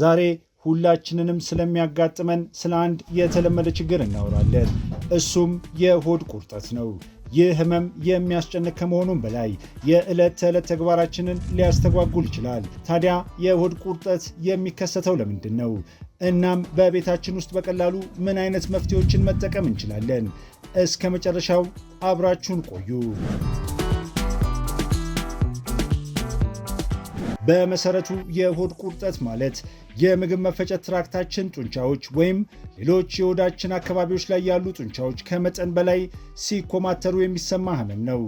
ዛሬ ሁላችንንም ስለሚያጋጥመን ስለ አንድ የተለመደ ችግር እናወራለን። እሱም የሆድ ቁርጠት ነው። ይህ ህመም የሚያስጨንቅ ከመሆኑም በላይ የዕለት ተዕለት ተግባራችንን ሊያስተጓጉል ይችላል። ታዲያ የሆድ ቁርጠት የሚከሰተው ለምንድን ነው? እናም በቤታችን ውስጥ በቀላሉ ምን አይነት መፍትሄዎችን መጠቀም እንችላለን? እስከ መጨረሻው አብራችሁን ቆዩ። በመሰረቱ የሆድ ቁርጠት ማለት የምግብ መፈጨት ትራክታችን ጡንቻዎች ወይም ሌሎች የሆዳችን አካባቢዎች ላይ ያሉ ጡንቻዎች ከመጠን በላይ ሲኮማተሩ የሚሰማ ህመም ነው።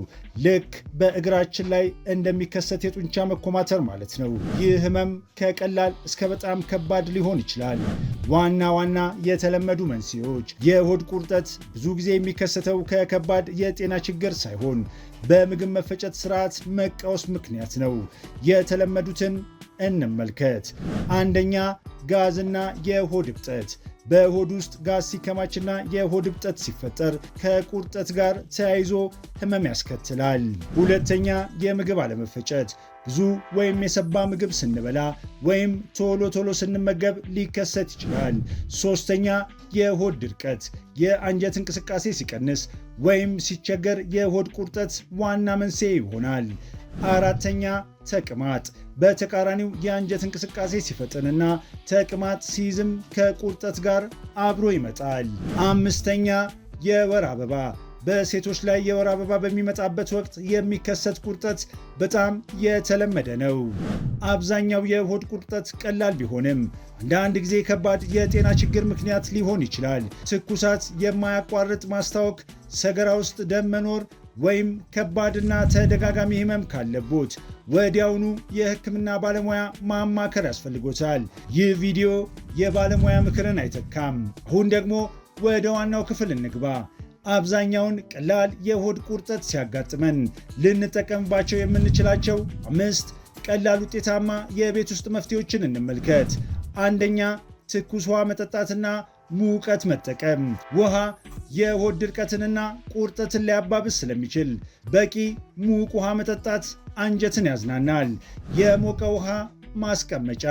ልክ በእግራችን ላይ እንደሚከሰት የጡንቻ መኮማተር ማለት ነው። ይህ ህመም ከቀላል እስከ በጣም ከባድ ሊሆን ይችላል። ዋና ዋና የተለመዱ መንስኤዎች የሆድ ቁርጠት ብዙ ጊዜ የሚከሰተው ከከባድ የጤና ችግር ሳይሆን በምግብ መፈጨት ስርዓት መቃወስ ምክንያት ነው። የተለመዱ የተለመዱትን እንመልከት። አንደኛ ጋዝና የሆድ እብጠት። በሆድ ውስጥ ጋዝ ሲከማችና የሆድ እብጠት ሲፈጠር ከቁርጠት ጋር ተያይዞ ህመም ያስከትላል። ሁለተኛ የምግብ አለመፈጨት። ብዙ ወይም የሰባ ምግብ ስንበላ ወይም ቶሎ ቶሎ ስንመገብ ሊከሰት ይችላል። ሶስተኛ የሆድ ድርቀት፣ የአንጀት እንቅስቃሴ ሲቀንስ ወይም ሲቸገር የሆድ ቁርጠት ዋና መንስኤ ይሆናል። አራተኛ ተቅማጥ በተቃራኒው የአንጀት እንቅስቃሴ ሲፈጥንና ተቅማጥ ሲይዝም ከቁርጠት ጋር አብሮ ይመጣል። አምስተኛ የወር አበባ በሴቶች ላይ የወር አበባ በሚመጣበት ወቅት የሚከሰት ቁርጠት በጣም የተለመደ ነው። አብዛኛው የሆድ ቁርጠት ቀላል ቢሆንም አንዳንድ ጊዜ ከባድ የጤና ችግር ምክንያት ሊሆን ይችላል። ትኩሳት፣ የማያቋርጥ ማስታወክ፣ ሰገራ ውስጥ ደም መኖር፣ ወይም ከባድና ተደጋጋሚ ህመም ካለቦት ወዲያውኑ የህክምና ባለሙያ ማማከር ያስፈልጎታል። ይህ ቪዲዮ የባለሙያ ምክርን አይተካም። አሁን ደግሞ ወደ ዋናው ክፍል እንግባ። አብዛኛውን ቀላል የሆድ ቁርጠት ሲያጋጥመን ልንጠቀምባቸው የምንችላቸው አምስት ቀላል ውጤታማ የቤት ውስጥ መፍትሄዎችን እንመልከት። አንደኛ፣ ትኩስ ውሃ መጠጣትና ሙቀት መጠቀም። ውሃ የሆድ ድርቀትንና ቁርጠትን ሊያባብስ ስለሚችል በቂ ሙቅ ውሃ መጠጣት አንጀትን ያዝናናል። የሞቀ ውሃ ማስቀመጫ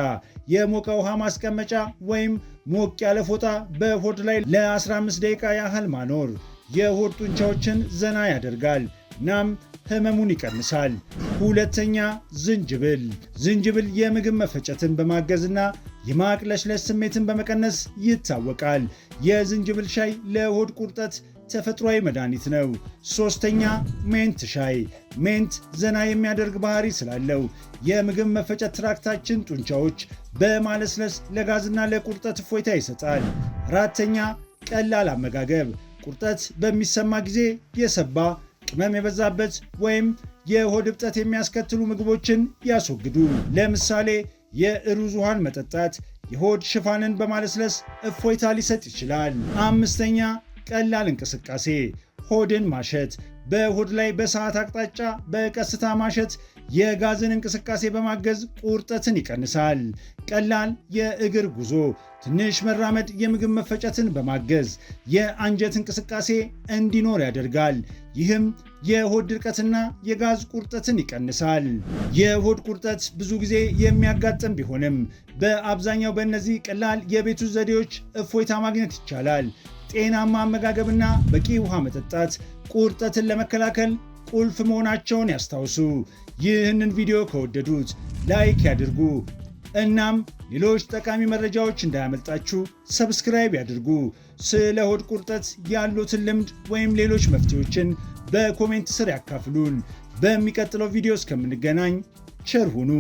የሞቀ ውሃ ማስቀመጫ ወይም ሞቅ ያለ ፎጣ በሆድ ላይ ለ15 ደቂቃ ያህል ማኖር የሆድ ጡንቻዎችን ዘና ያደርጋል ናም ህመሙን ይቀንሳል። ሁለተኛ ዝንጅብል። ዝንጅብል የምግብ መፈጨትን በማገዝና የማቅለሽለሽ ስሜትን በመቀነስ ይታወቃል። የዝንጅብል ሻይ ለሆድ ቁርጠት ተፈጥሯዊ መድኃኒት ነው። ሶስተኛ ሜንት ሻይ። ሜንት ዘና የሚያደርግ ባህሪ ስላለው የምግብ መፈጨት ትራክታችን ጡንቻዎች በማለስለስ ለጋዝና ለቁርጠት እፎይታ ይሰጣል። አራተኛ ቀላል አመጋገብ። ቁርጠት በሚሰማ ጊዜ የሰባ ቅመም የበዛበት ወይም የሆድ እብጠት የሚያስከትሉ ምግቦችን ያስወግዱ። ለምሳሌ የሩዝ ውሃን መጠጣት የሆድ ሽፋንን በማለስለስ እፎይታ ሊሰጥ ይችላል። አምስተኛ ቀላል እንቅስቃሴ፣ ሆድን ማሸት። በሆድ ላይ በሰዓት አቅጣጫ በቀስታ ማሸት የጋዝን እንቅስቃሴ በማገዝ ቁርጠትን ይቀንሳል። ቀላል የእግር ጉዞ፣ ትንሽ መራመድ የምግብ መፈጨትን በማገዝ የአንጀት እንቅስቃሴ እንዲኖር ያደርጋል። ይህም የሆድ ድርቀትና የጋዝ ቁርጠትን ይቀንሳል። የሆድ ቁርጠት ብዙ ጊዜ የሚያጋጥም ቢሆንም በአብዛኛው በእነዚህ ቀላል የቤቱ ዘዴዎች እፎይታ ማግኘት ይቻላል። ጤናማ አመጋገብና በቂ ውሃ መጠጣት ቁርጠትን ለመከላከል ቁልፍ መሆናቸውን ያስታውሱ። ይህንን ቪዲዮ ከወደዱት ላይክ ያድርጉ። እናም ሌሎች ጠቃሚ መረጃዎች እንዳያመልጣችሁ ሰብስክራይብ ያድርጉ። ስለ ሆድ ቁርጠት ያሉትን ልምድ ወይም ሌሎች መፍትሄዎችን በኮሜንት ስር ያካፍሉን። በሚቀጥለው ቪዲዮ እስከምንገናኝ ቸር ሁኑ።